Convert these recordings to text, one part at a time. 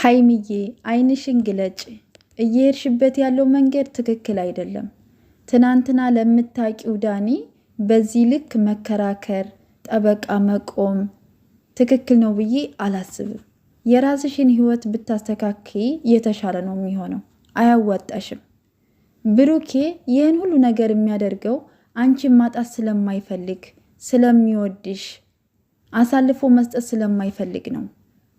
ሀይሚዬ አይንሽን ግለጭ። እየሄድሽበት ያለው መንገድ ትክክል አይደለም። ትናንትና ለምታቂው ዳኒ በዚህ ልክ መከራከር፣ ጠበቃ መቆም ትክክል ነው ብዬ አላስብም። የራስሽን ህይወት ብታስተካክ የተሻለ ነው የሚሆነው። አያዋጣሽም። ብሩኬ ይህን ሁሉ ነገር የሚያደርገው አንቺን ማጣት ስለማይፈልግ ስለሚወድሽ፣ አሳልፎ መስጠት ስለማይፈልግ ነው።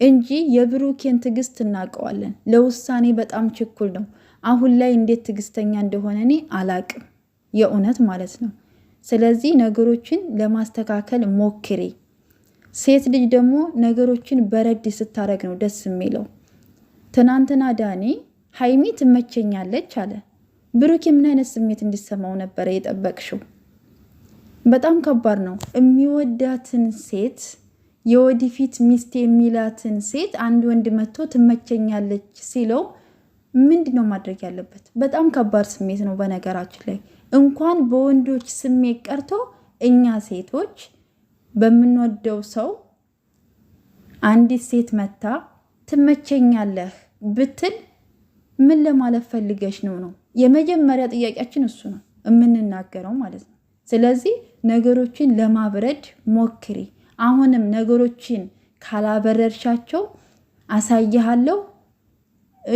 እንጂ የብሩኬን ትዕግስት እናውቀዋለን። ለውሳኔ በጣም ችኩል ነው። አሁን ላይ እንዴት ትዕግስተኛ እንደሆነ እኔ አላቅም፣ የእውነት ማለት ነው። ስለዚህ ነገሮችን ለማስተካከል ሞክሬ ሴት ልጅ ደግሞ ነገሮችን በረድ ስታደርግ ነው ደስ የሚለው። ትናንትና ዳኔ ሀይሚ ትመቸኛለች አለ። ብሩኬ ምን አይነት ስሜት እንዲሰማው ነበረ የጠበቅሽው? በጣም ከባድ ነው። የሚወዳትን ሴት የወደፊት ሚስት የሚላትን ሴት አንድ ወንድ መጥቶ ትመቸኛለች ሲለው ምንድን ነው ማድረግ ያለበት? በጣም ከባድ ስሜት ነው። በነገራችን ላይ እንኳን በወንዶች ስሜት ቀርቶ እኛ ሴቶች በምንወደው ሰው አንዲት ሴት መታ ትመቸኛለህ ብትል ምን ለማለት ፈልገሽ ነው ነው የመጀመሪያ ጥያቄያችን እሱ ነው የምንናገረው ማለት ነው። ስለዚህ ነገሮችን ለማብረድ ሞክሬ? አሁንም ነገሮችን ካላበረርሻቸው አሳይሃለሁ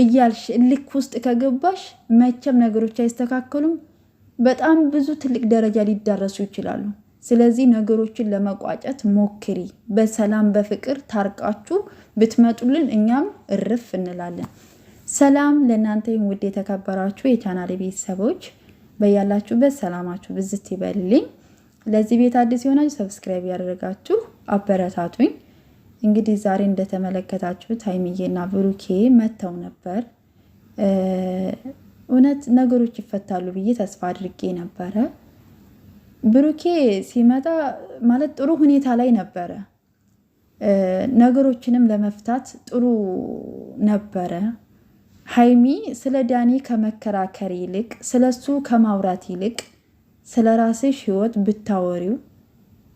እያልሽ ልክ ውስጥ ከገባሽ መቼም ነገሮች አይስተካከሉም። በጣም ብዙ ትልቅ ደረጃ ሊዳረሱ ይችላሉ። ስለዚህ ነገሮችን ለመቋጨት ሞክሪ። በሰላም በፍቅር ታርቃችሁ ብትመጡልን እኛም እርፍ እንላለን። ሰላም ለእናንተ ይሁን ውድ የተከበራችሁ የቻናል ቤተሰቦች፣ በያላችሁበት ሰላማችሁ ብዝት ይበልልኝ። ለዚህ ቤት አዲስ የሆናችሁ ሰብስክራይብ ያደረጋችሁ አበረታቱኝ። እንግዲህ ዛሬ እንደተመለከታችሁት ሀይሚዬና ብሩኬ መጥተው ነበር። እውነት ነገሮች ይፈታሉ ብዬ ተስፋ አድርጌ ነበረ። ብሩኬ ሲመጣ ማለት ጥሩ ሁኔታ ላይ ነበረ። ነገሮችንም ለመፍታት ጥሩ ነበረ። ሀይሚ ስለ ዳኒ ከመከራከር ይልቅ ስለ እሱ ከማውራት ይልቅ ስለ ራስሽ ሕይወት ብታወሪው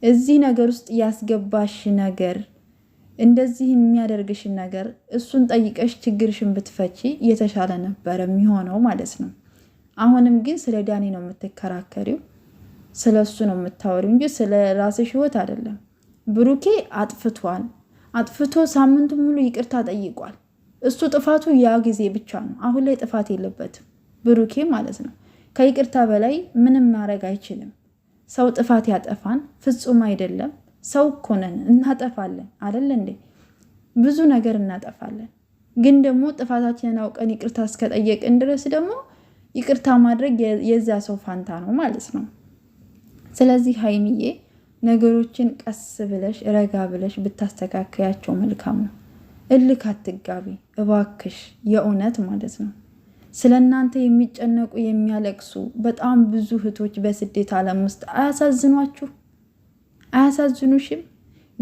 እዚህ ነገር ውስጥ ያስገባሽ ነገር እንደዚህ የሚያደርግሽ ነገር እሱን ጠይቀሽ ችግርሽን ብትፈቺ እየተሻለ ነበር የሚሆነው ማለት ነው። አሁንም ግን ስለ ዳኒ ነው የምትከራከሪው፣ ስለ እሱ ነው የምታወሪው እንጂ ስለ ራስሽ ህይወት አይደለም። ብሩኬ አጥፍቷል። አጥፍቶ ሳምንቱ ሙሉ ይቅርታ ጠይቋል። እሱ ጥፋቱ ያ ጊዜ ብቻ ነው። አሁን ላይ ጥፋት የለበትም ብሩኬ ማለት ነው። ከይቅርታ በላይ ምንም ማድረግ አይችልም። ሰው ጥፋት ያጠፋን ፍጹም አይደለም። ሰው እኮ ነን፣ እናጠፋለን አለል እንዴ? ብዙ ነገር እናጠፋለን። ግን ደግሞ ጥፋታችንን አውቀን ይቅርታ እስከጠየቅን ድረስ ደግሞ ይቅርታ ማድረግ የዛ ሰው ፋንታ ነው ማለት ነው። ስለዚህ ሀይሚዬ ነገሮችን ቀስ ብለሽ ረጋ ብለሽ ብታስተካከያቸው መልካም ነው። እልክ አትጋቢ እባክሽ፣ የእውነት ማለት ነው። ስለ እናንተ የሚጨነቁ የሚያለቅሱ በጣም ብዙ እህቶች በስደት ዓለም ውስጥ አያሳዝኗችሁ? አያሳዝኑሽም?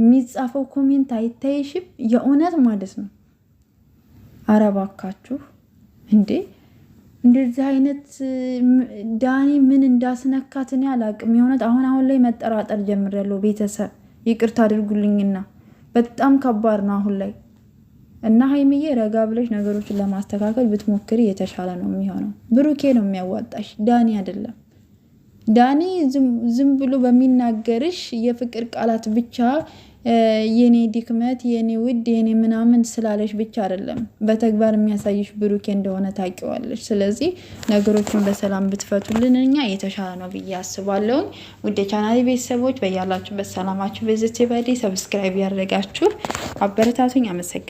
የሚጻፈው ኮሜንት አይታይሽም? የእውነት ማለት ነው። አረ እንዴ! እንደዚህ አይነት ዳኒ ምን እንዳስነካት እኔ አላቅም። የእውነት አሁን አሁን ላይ መጠራጠር ጀምሬያለሁ። ቤተሰብ ይቅርታ አድርጉልኝና በጣም ከባድ ነው አሁን ላይ እና ሀይሚዬ ረጋ ብለሽ ነገሮችን ለማስተካከል ብትሞክሪ የተሻለ ነው የሚሆነው። ብሩኬ ነው የሚያዋጣሽ፣ ዳኒ አይደለም። ዳኒ ዝም ብሎ በሚናገርሽ የፍቅር ቃላት ብቻ የኔ ድክመት፣ የኔ ውድ፣ የኔ ምናምን ስላለሽ ብቻ አይደለም በተግባር የሚያሳይሽ ብሩኬ እንደሆነ ታውቂዋለሽ። ስለዚህ ነገሮችን በሰላም ብትፈቱልን እኛ የተሻለ ነው ብዬ አስባለሁኝ። ውድ የቻናሌ ቤተሰቦች በያላችሁበት ሰላማችሁ ብዝት በዴ ሰብስክራይብ ያደረጋችሁ አበረታቱኝ። አመሰግናለሁ።